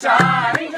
Johnny.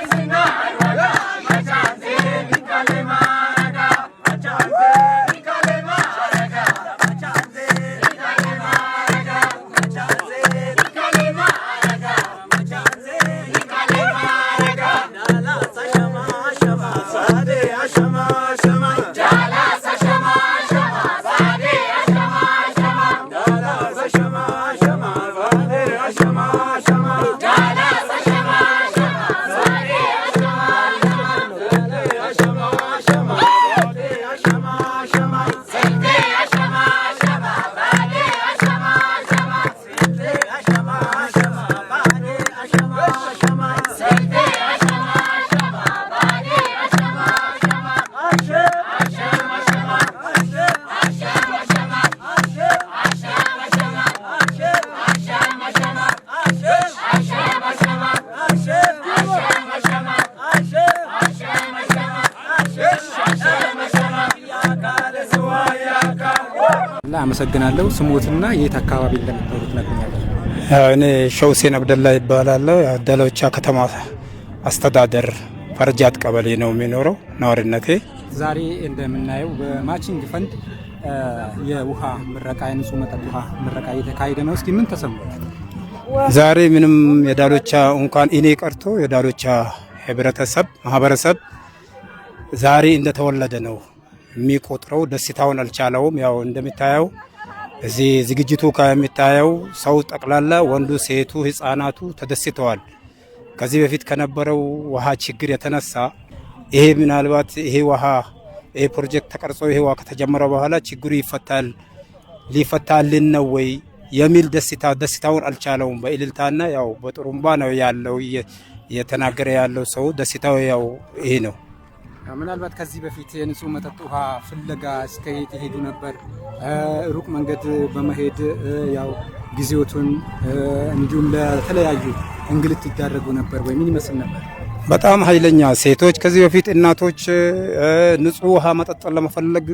አብደላ አመሰግናለሁ። ስሞትና የት አካባቢ እንደምታወሩት ነግኛለ። እኔ ሸውሴን አብደላ ይባላለሁ። ደለቻ ከተማ አስተዳደር ፈርጃት ቀበሌ ነው የሚኖረው ነዋሪነቴ። ዛሬ እንደምናየው በማቺንግ ፈንድ የውሃ ምረቃ የንጹህ መጠጥ ውሃ ምረቃ እየተካሄደ ነው። እስኪ ምን ተሰማ ዛሬ? ምንም የዳሎቻ እንኳን እኔ ቀርቶ የዳሎቻ ህብረተሰብ ማህበረሰብ ዛሬ እንደተወለደ ነው የሚቆጥረው ደስታውን አልቻለውም። ያው እንደሚታየው እዚህ ዝግጅቱ ከሚታየው ሰው ጠቅላላ ወንዱ፣ ሴቱ፣ ህፃናቱ ተደስተዋል። ከዚህ በፊት ከነበረው ውሃ ችግር የተነሳ ይሄ ምናልባት ይሄ ውሃ ይሄ ፕሮጀክት ተቀርጾ ይሄ ውሃ ከተጀመረ በኋላ ችግሩ ይፈታል ሊፈታልን ነው ወይ የሚል ደስታ ደስታውን አልቻለውም። በእልልታና ያው በጥሩምባ ነው ያለው እየተናገረ ያለው ሰው ደስታው ያው ይሄ ነው። ምናልባት ከዚህ በፊት የንጹህ መጠጥ ውሃ ፍለጋ እስከ የት ይሄዱ ነበር? ሩቅ መንገድ በመሄድ ያው ጊዜዎቱን እንዲሁም ለተለያዩ እንግልት ይዳረጉ ነበር ወይ? ምን ይመስል ነበር? በጣም ኃይለኛ ሴቶች ከዚህ በፊት እናቶች ንጹህ ውሃ መጠጠን ለመፈለግ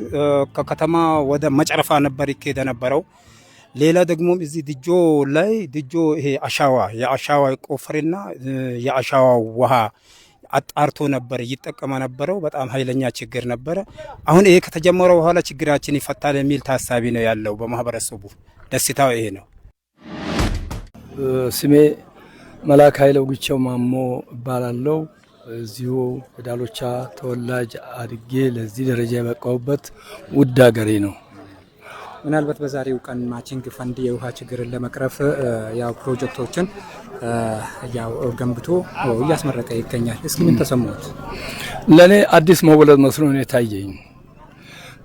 ከከተማ ወደ መጨረፋ ነበር ይካሄደ ነበረው። ሌላ ደግሞ እዚህ ድጆ ላይ ድጆ ይሄ አሻዋ የአሻዋ ቆፈሬና የአሻዋ ውሃ አጣርቶ ነበር እየጠቀመ ነበረው። በጣም ኃይለኛ ችግር ነበረ። አሁን ይሄ ከተጀመረ በኋላ ችግራችን ይፈታል የሚል ታሳቢ ነው ያለው በማህበረሰቡ። ደስታው ይሄ ነው። ስሜ መላክ ኃይለው ጉቸው ማሞ እባላለሁ። እዚሁ ዳሎቻ ተወላጅ አድጌ ለዚህ ደረጃ የበቃሁበት ውድ ሀገሬ ነው። ምናልባት በዛሬው ቀን ማቺንግ ፈንድ የውሃ ችግርን ለመቅረፍ ያው ፕሮጀክቶችን ያው ገንብቶ እያስመረቀ ይገኛል። እስኪ ምን ተሰማት? ለእኔ አዲስ መወለድ መስሎ ነው የታየኝ።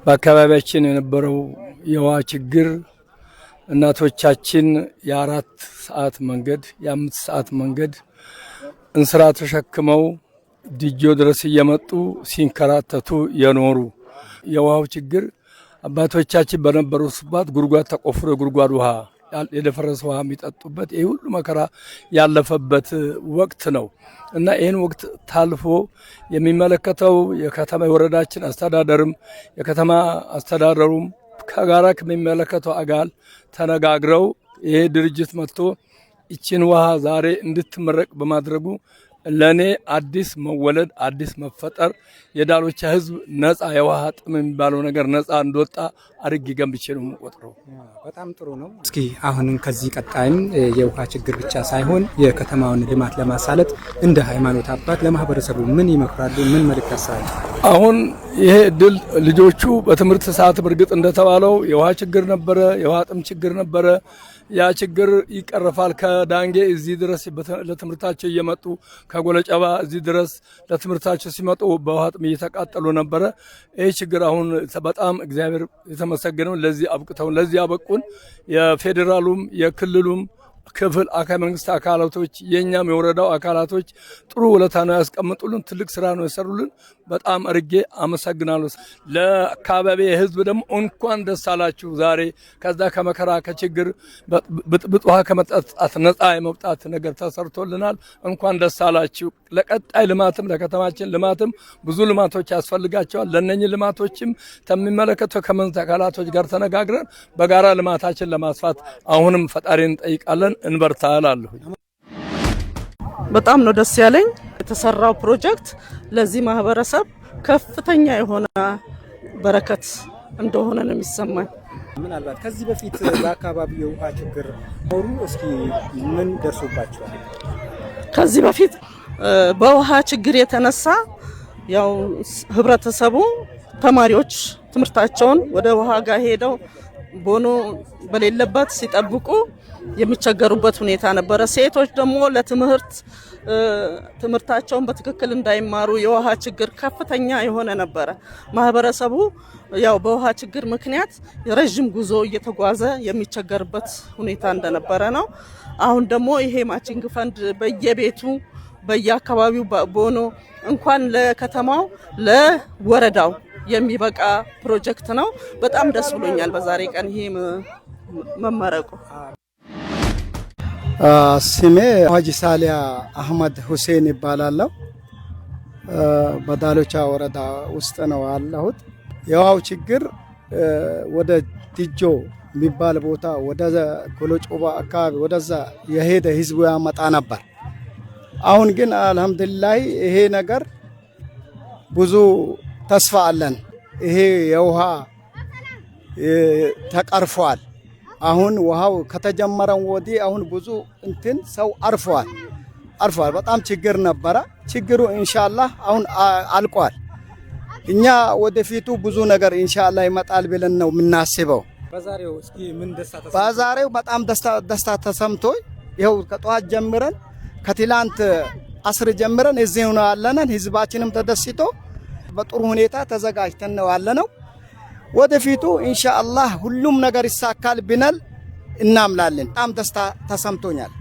በአካባቢያችን የነበረው የውሃ ችግር እናቶቻችን የአራት ሰዓት መንገድ የአምስት ሰዓት መንገድ እንስራ ተሸክመው ድጆ ድረስ እየመጡ ሲንከራተቱ የኖሩ የውሃው ችግር አባቶቻችን በነበሩ ስባት ጉድጓድ ተቆፍሮ የጉድጓድ ውሃ የደፈረሰ ውሃ የሚጠጡበት ይህ ሁሉ መከራ ያለፈበት ወቅት ነው እና ይህን ወቅት ታልፎ የሚመለከተው የከተማ የወረዳችን አስተዳደርም የከተማ አስተዳደሩም ከጋራ ከሚመለከተው አጋል ተነጋግረው ይሄ ድርጅት መጥቶ ይችን ውሃ ዛሬ እንድትመረቅ በማድረጉ ለእኔ አዲስ መወለድ አዲስ መፈጠር የዳሎቻ ህዝብ ነፃ የውሃ ጥም የሚባለው ነገር ነፃ እንደወጣ አድግ ገንብቼ ነው የምቆጥረው። በጣም ጥሩ ነው። እስኪ አሁንም ከዚህ ቀጣይም የውሃ ችግር ብቻ ሳይሆን የከተማውን ልማት ለማሳለጥ እንደ ሃይማኖት አባት ለማህበረሰቡ ምን ይመክራሉ? ምን መልእክት ያሳል? አሁን ይሄ እድል ልጆቹ በትምህርት ሰዓት በእርግጥ እንደተባለው የውሃ ችግር ነበረ፣ የውሃ ጥም ችግር ነበረ ያ ችግር ይቀረፋል። ከዳንጌ እዚህ ድረስ ለትምህርታቸው እየመጡ ከጎለጨባ እዚህ ድረስ ለትምህርታቸው ሲመጡ በውሃ ጥም እየተቃጠሉ ነበረ። ይህ ችግር አሁን በጣም እግዚአብሔር የተመሰገነው ለዚህ አብቅተውን ለዚህ አበቁን። የፌዴራሉም የክልሉም ክፍል መንግስት አካላቶች የእኛም የወረዳው አካላቶች ጥሩ ውለታ ነው ያስቀምጡልን። ትልቅ ስራ ነው የሰሩልን። በጣም እርጌ አመሰግናለሁ። ለአካባቢ ህዝብ ደግሞ እንኳን ደስ አላችሁ። ዛሬ ከዛ ከመከራ ከችግር ብጥብጥ ውሃ ከመጠጣት ነፃ የመውጣት ነገር ተሰርቶልናል። እንኳን ደስ አላችሁ። ለቀጣይ ልማትም ለከተማችን ልማትም ብዙ ልማቶች ያስፈልጋቸዋል። ለእነኝህ ልማቶችም ከሚመለከተው ከመንግስት አካላቶች ጋር ተነጋግረን በጋራ ልማታችን ለማስፋት አሁንም ፈጣሪ እንጠይቃለን። አብረን እንበርታ እላለሁ። በጣም ነው ደስ ያለኝ የተሰራው ፕሮጀክት ለዚህ ማህበረሰብ ከፍተኛ የሆነ በረከት እንደሆነ ነው የሚሰማኝ። ምናልባት ከዚህ በፊት በአካባቢ የውሃ ችግር ኖሩ፣ እስኪ ምን ደርሶባቸዋል? ከዚህ በፊት በውሃ ችግር የተነሳ ያው ህብረተሰቡ ተማሪዎች ትምህርታቸውን ወደ ውሃ ጋር ሄደው ቦኖ በሌለበት ሲጠብቁ የሚቸገሩበት ሁኔታ ነበረ። ሴቶች ደግሞ ለትምህርት ትምህርታቸውን በትክክል እንዳይማሩ የውሃ ችግር ከፍተኛ የሆነ ነበረ። ማህበረሰቡ ያው በውሃ ችግር ምክንያት የረዥም ጉዞ እየተጓዘ የሚቸገርበት ሁኔታ እንደነበረ ነው። አሁን ደግሞ ይሄ ማቺንግ ፈንድ በየቤቱ በየአካባቢው ቦኖ እንኳን ለከተማው ለወረዳው የሚበቃ ፕሮጀክት ነው። በጣም ደስ ብሎኛል በዛሬ ቀን ይሄ መመረቁ። ስሜ ሀጂ ሳሊያ አህመድ ሁሴን ይባላለሁ። በዳሎቻ ወረዳ ውስጥ ነው ያለሁት። የውሃው ችግር ወደ ድጆ የሚባል ቦታ ወደ ጎሎጮባ አካባቢ ወደዛ የሄደ ህዝቡ ያመጣ ነበር። አሁን ግን አልሐምዱሊላህ ይሄ ነገር ብዙ ተስፋ አለን። ይሄ የውሃ ተቀርፏል። አሁን ውሃው ከተጀመረው ወዲህ አሁን ብዙ እንትን ሰው አርፏል አርፏል። በጣም ችግር ነበረ። ችግሩ ኢንሻአላህ አሁን አልቋል። እኛ ወደፊቱ ብዙ ነገር ኢንሻአላህ ይመጣል ብለን ነው የምናስበው። በዛሬው በጣም ደስታ ተሰምቶ ይኸው ከጠዋት ጀምረን ከትላንት አስር ጀምረን እዚህ ነው ያለነን። ህዝባችንም ተደስቶ በጥሩ ሁኔታ ተዘጋጅተን ነው ያለ ነው። ወደፊቱ ኢንሻአላህ ሁሉም ነገር ይሳካል ብናል እናምላለን። በጣም ደስታ ተሰምቶኛል።